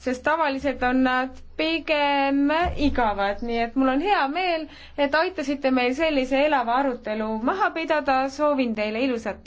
sest tavaliselt on nad pigem igavad, nii et mul on hea meel, et aitasite meil sellise elava arutelu maha pidada, soovin teile ilusat